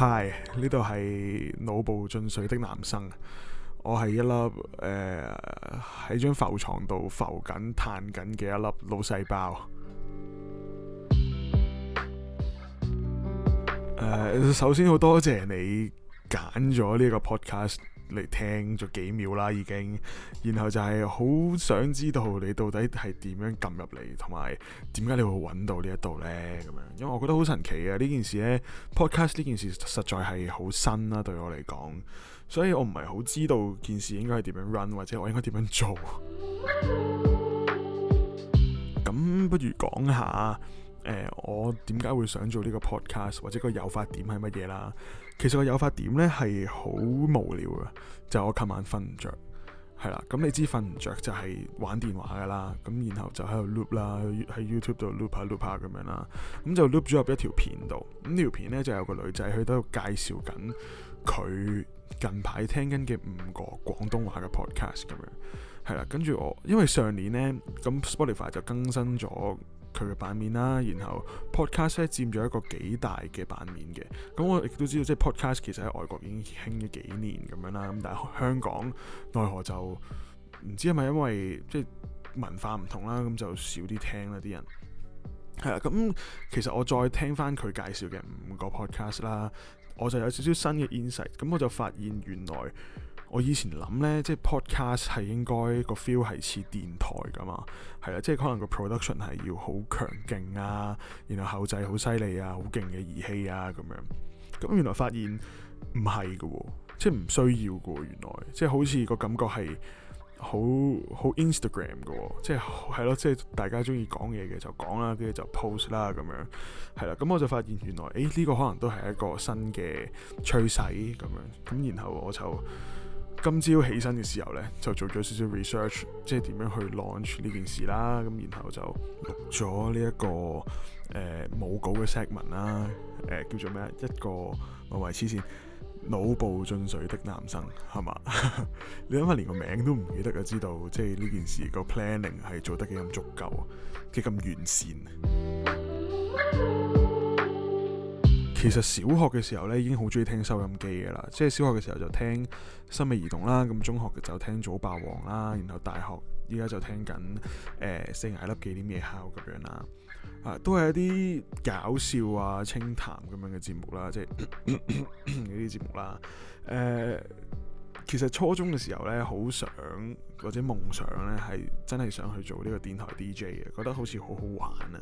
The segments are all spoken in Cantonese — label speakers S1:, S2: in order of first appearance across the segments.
S1: 嗨，呢度係腦部進水的男生，我係一粒誒喺張浮床度浮緊、嘆緊嘅一粒腦細胞。Uh, 首先要多謝你揀咗呢個 podcast。嚟聽咗幾秒啦，已經，然後就係好想知道你到底係點樣撳入嚟，同埋點解你會揾到呢一度呢？咁樣，因為我覺得好神奇啊！呢件事呢 Podcast 呢件事實在係好新啦、啊，對我嚟講，所以我唔係好知道件事應該係點樣 run，或者我應該點樣做。咁 不如講下。誒、欸，我點解會想做呢個 podcast 或者個誘發點係乜嘢啦？其實個誘發點呢係好無聊嘅，就係、是、我琴晚瞓唔着。係啦，咁、嗯、你知瞓唔着就係玩電話嘅啦，咁、嗯、然後就喺度 loop 啦，喺 YouTube 度 loop 下、啊、loop 下、啊、咁樣啦，咁、嗯、就 loop 咗入一條片度，咁呢條片呢就是、有個女仔佢都喺度介紹緊佢近排聽緊嘅五個廣東話嘅 podcast 咁樣，係啦，跟住我因為上年呢，咁 Spotify 就更新咗。佢嘅版面啦，然後 podcast 咧佔咗一個幾大嘅版面嘅。咁我亦都知道，即係 podcast 其實喺外國已經興咗幾年咁樣啦。咁但係香港奈何就唔知，係咪因為即係文化唔同啦，咁就少啲聽啦啲人。係啦，咁其實我再聽翻佢介紹嘅五個 podcast 啦，我就有少少新嘅 insight。咁我就發現原來。我以前諗呢，即係 podcast 係應該個 feel 係似電台噶嘛，係啦，即係可能個 production 係要好強勁啊，然後後製好犀利啊，好勁嘅儀器啊，咁樣咁。原來發現唔係噶，即係唔需要噶。原來即係好似個感覺係好好 Instagram 噶、哦，即係係咯，即係大家中意講嘢嘅就講啦，跟住就 post 啦，咁樣係啦。咁我就發現原來誒呢、這個可能都係一個新嘅趨勢咁樣咁，然後我就。今朝起身嘅時候呢，就做咗少少 research，即係點樣去 launch 呢件事啦。咁然後就錄咗呢一個誒冇、呃、稿嘅 segment 啦。誒、呃、叫做咩？一個我係黐線腦部進水的男生係嘛？ 你諗下，連個名都唔記得嘅，知道即係呢件事個 planning 係做得幾咁足夠、啊，幾咁完善、啊。其實小學嘅時候呢已經好中意聽收音機嘅啦，即係小學嘅時候就聽心《心理兒童》啦，咁中學就聽《早霸王》啦，然後大學依家就聽緊《誒、呃、四眼粒記點嘢敲》咁樣啦，啊都係一啲搞笑啊、清談咁樣嘅節， 節目啦，即係呢啲節目啦，誒。其實初中嘅時候呢，好想或者夢想呢，係真係想去做呢個電台 DJ 嘅，覺得好似好好玩啊，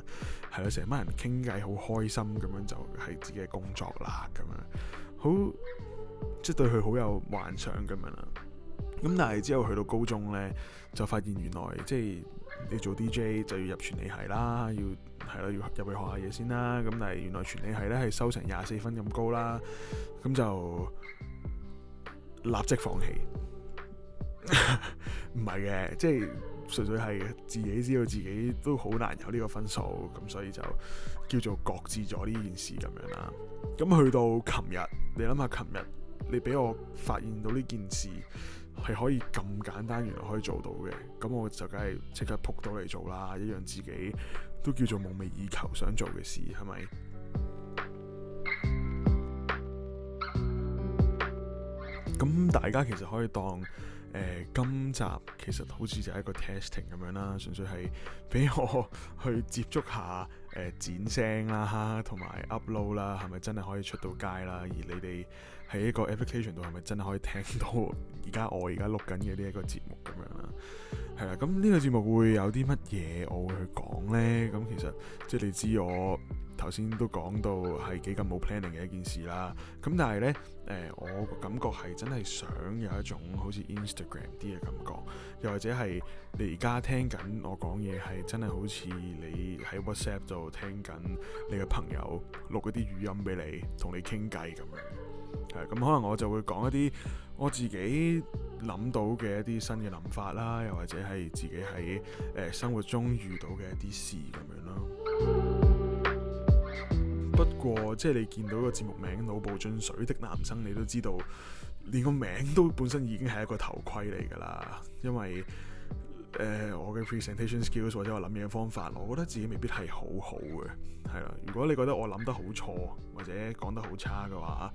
S1: 係咯，成班人傾偈，好開心咁樣，就係自己嘅工作啦，咁樣好，即係對佢好有幻想咁樣啦。咁但係之後去到高中呢，就發現原來即係、就是、你做 DJ 就要入傳理系啦，要係咯，要入去學下嘢先啦。咁但係原來傳理系呢，係收成廿四分咁高啦，咁就。立即放棄，唔係嘅，即係純粹係自己知道自己都好難有呢個分數，咁所以就叫做擱置咗呢件事咁樣啦。咁去到琴日，你諗下，琴日你俾我發現到呢件事係可以咁簡單，原來可以做到嘅，咁我就梗係即刻撲到嚟做啦，一樣自己都叫做夢寐以求想做嘅事，係咪？咁大家其實可以當誒、呃、今集其實好似就係一個 testing 咁樣啦，純粹係畀我去接觸下誒、呃、剪聲啦，同埋 upload 啦，係咪真係可以出到街啦？而你哋喺一個 application 度係咪真係可以聽到而家我而家錄緊嘅呢一個節目咁樣啦？係啦，咁呢個節目會有啲乜嘢我會去講呢？咁其實即係你知我。頭先都講到係幾咁冇 planning 嘅一件事啦，咁但係呢，誒、呃，我感覺係真係想有一種好似 Instagram 啲嘅感覺，又或者係你而家聽緊我講嘢係真係好似你喺 WhatsApp 度聽緊你嘅朋友錄嗰啲語音俾你，同你傾偈咁樣，係、嗯、咁可能我就會講一啲我自己諗到嘅一啲新嘅諗法啦，又或者係自己喺誒生活中遇到嘅一啲事咁樣咯。過即係你見到個節目名《腦部進水的男生》，你都知道，連個名都本身已經係一個頭盔嚟㗎喇。因為誒、呃，我嘅 presentation skills 或者我諗嘢嘅方法，我覺得自己未必係好好嘅。係啦，如果你覺得我諗得好錯或者講得好差嘅話，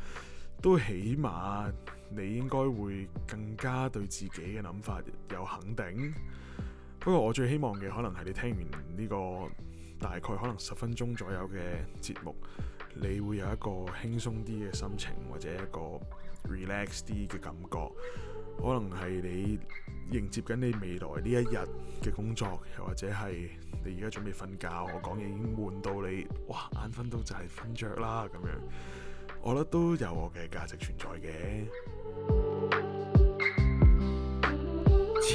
S1: 都起碼你應該會更加對自己嘅諗法有肯定。不過我最希望嘅可能係你聽完呢、這個。大概可能十分鐘左右嘅節目，你會有一個輕鬆啲嘅心情，或者一個 relax 啲嘅感覺。可能係你迎接緊你未來呢一日嘅工作，又或者係你而家準備瞓覺。我講嘢已經悶到你，哇！眼瞓到就係瞓着啦咁樣。我覺得都有我嘅價值存在嘅。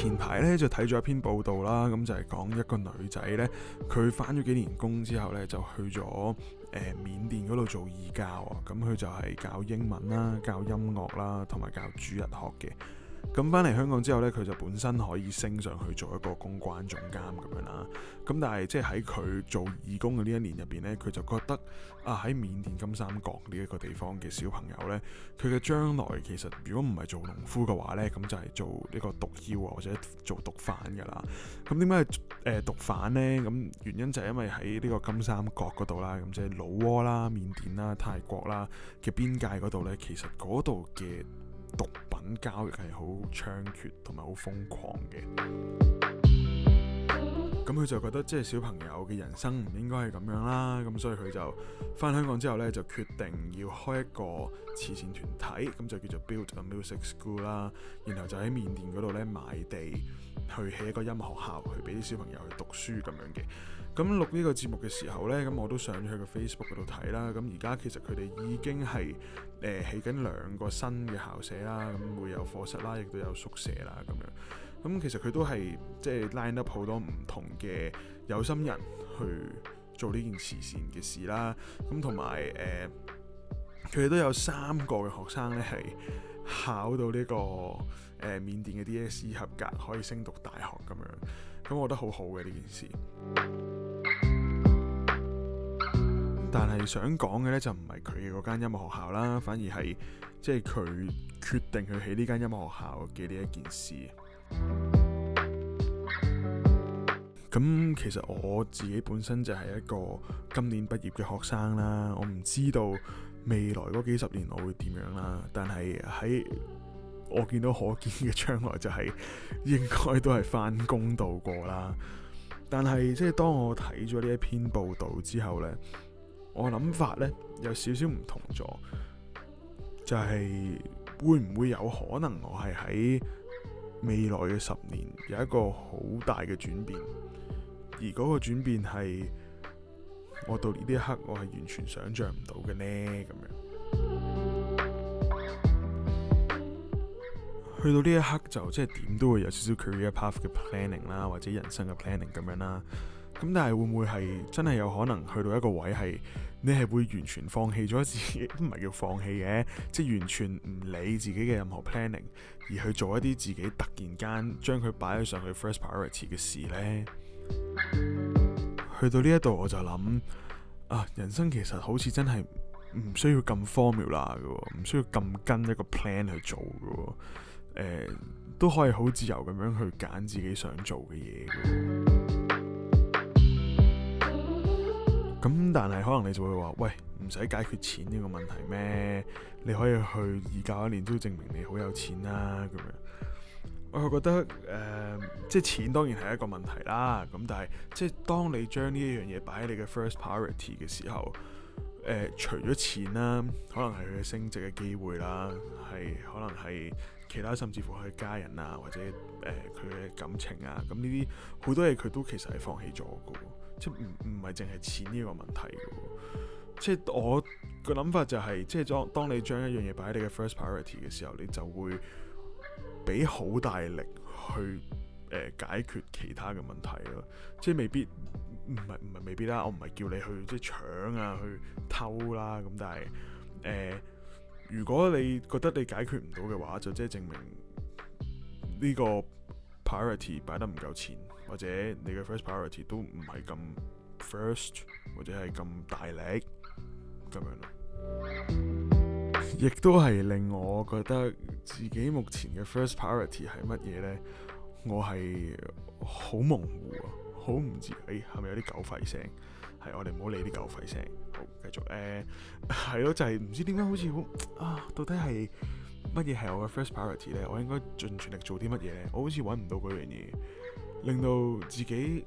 S1: 前排咧就睇咗一篇報道啦，咁就係講一個女仔呢，佢返咗幾年工之後呢，就去咗誒、呃、緬甸嗰度做義教啊，咁佢就係教英文啦、教音樂啦，同埋教主日學嘅。咁翻嚟香港之後呢，佢就本身可以升上去做一個公關總監咁樣啦。咁但係即係喺佢做義工嘅呢一年入邊呢，佢就覺得啊喺緬甸金三角呢一個地方嘅小朋友呢，佢嘅將來其實如果唔係做農夫嘅話呢，咁就係做呢個毒梟啊或者做毒販噶啦。咁點解誒毒販呢？咁原因就係因為喺呢個金三角嗰度啦，咁即係老撾啦、緬甸啦、泰國啦嘅邊界嗰度呢，其實嗰度嘅毒品交易係好猖獗同埋好瘋狂嘅，咁佢就覺得即係小朋友嘅人生唔應該係咁樣啦，咁所以佢就翻香港之後呢就決定要開一個慈善團體，咁就叫做 Build a Music School 啦，然後就喺緬甸嗰度呢買地去起一個音樂學校，去俾啲小朋友去讀書咁樣嘅。咁錄呢個節目嘅時候呢，咁我都上咗佢個 Facebook 度睇啦。咁而家其實佢哋已經係誒起緊兩個新嘅校舍啦，咁會有課室啦，亦都有宿舍啦咁樣。咁其實佢都係即係 line up 好多唔同嘅有心人去做呢件慈善嘅事啦。咁同埋誒，佢哋都有三個嘅學生呢，係考到呢個誒緬甸嘅 DSE 合格，可以升讀大學咁樣。咁我覺得好好嘅呢件事，但係想講嘅呢就唔係佢嘅嗰間音樂學校啦，反而係即係佢決定去起呢間音樂學校嘅呢一件事。咁 其實我自己本身就係一個今年畢業嘅學生啦，我唔知道未來嗰幾十年我會點樣啦，但係喺我見到可見嘅將來就係應該都係翻工度過啦但。但係即係當我睇咗呢一篇報道之後咧，我諗法咧有少少唔同咗，就係、是、會唔會有可能我係喺未來嘅十年有一個好大嘅轉變，而個轉變係我到呢一刻我係完全想象唔到嘅咧咁樣。去到呢一刻就即係點都會有少少 career path 嘅 planning 啦，或者人生嘅 planning 咁樣啦。咁但係會唔會係真係有可能去到一個位係你係會完全放棄咗自己，唔係叫放棄嘅，即係完全唔理自己嘅任何 planning，而去做一啲自己突然間將佢擺咗上去 first priority 嘅事呢？去到呢一度我就諗啊，人生其實好似真係唔需要咁 formula 㗎喎，唔需要咁跟一個 plan 去做嘅。誒，都可以好自由咁樣去揀自己想做嘅嘢。咁但係可能你就會話，喂，唔使解決錢呢個問題咩？你可以去二教一年都證明你好有錢啦、啊，咁樣。我係覺得，誒、呃，即係錢當然係一個問題啦。咁但係即係當你將呢一樣嘢擺喺你嘅 first priority 嘅時候。呃、除咗錢啦、啊，可能係佢嘅升值嘅機會啦、啊，係可能係其他甚至乎佢嘅家人啊，或者誒佢嘅感情啊，咁呢啲好多嘢佢都其實係放棄咗嘅，即係唔唔係淨係錢呢個問題嘅。即係我嘅諗法就係、是，即係當你將一樣嘢擺喺你嘅 first priority 嘅時候，你就會俾好大力去。誒解決其他嘅問題咯，即係未必唔係唔係未必啦。我唔係叫你去即係搶啊，去偷啦咁，但係誒、呃，如果你覺得你解決唔到嘅話，就即係證明呢個 priority 擺得唔夠前，或者你嘅 first priority 都唔係咁 first，或者係咁大力咁樣咯。亦都係令我覺得自己目前嘅 first priority 係乜嘢呢？我係好模糊，啊，好唔知，哎，係咪有啲狗吠聲？係，我哋唔好理啲狗吠聲。好，繼續，誒、欸，係咯，就係、是、唔知點解好似好啊，到底係乜嘢係我嘅 first priority 咧？我應該盡全力做啲乜嘢咧？我好似揾唔到嗰樣嘢，令到自己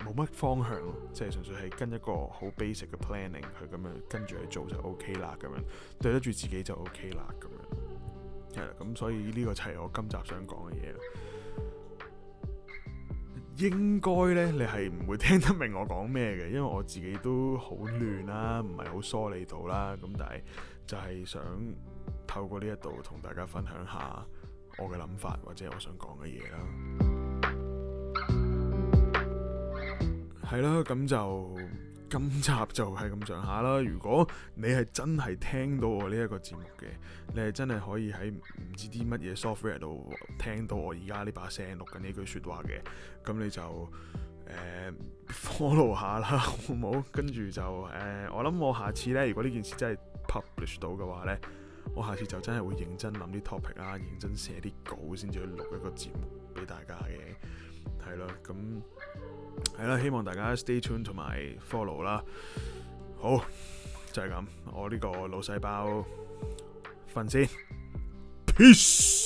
S1: 冇乜方向，即係純粹係跟一個好 basic 嘅 planning 去咁樣跟住去做就 OK 啦，咁樣對得住自己就 OK 啦，咁樣係啦。咁所以呢個就係我今集想講嘅嘢啦。應該咧，你係唔會聽得明我講咩嘅，因為我自己都好亂啦，唔係好梳理到啦。咁但係就係想透過呢一度同大家分享下我嘅諗法或者我想講嘅嘢啦。係啦，咁就。今集就係咁上下啦。如果你係真係聽到我呢一個節目嘅，你係真係可以喺唔知啲乜嘢 software 度聽到我而家呢把聲錄緊呢句説話嘅，咁你就誒 follow、呃、下啦，好唔好？跟住就誒、呃，我諗我下次呢，如果呢件事真係 publish 到嘅話呢，我下次就真係會認真諗啲 topic 啦，認真寫啲稿先至去錄一個節目俾大家嘅。係咯，咁係啦，希望大家 stay tuned 同埋 follow 啦。好，就係咁，我呢個腦細胞，瞓先，peace。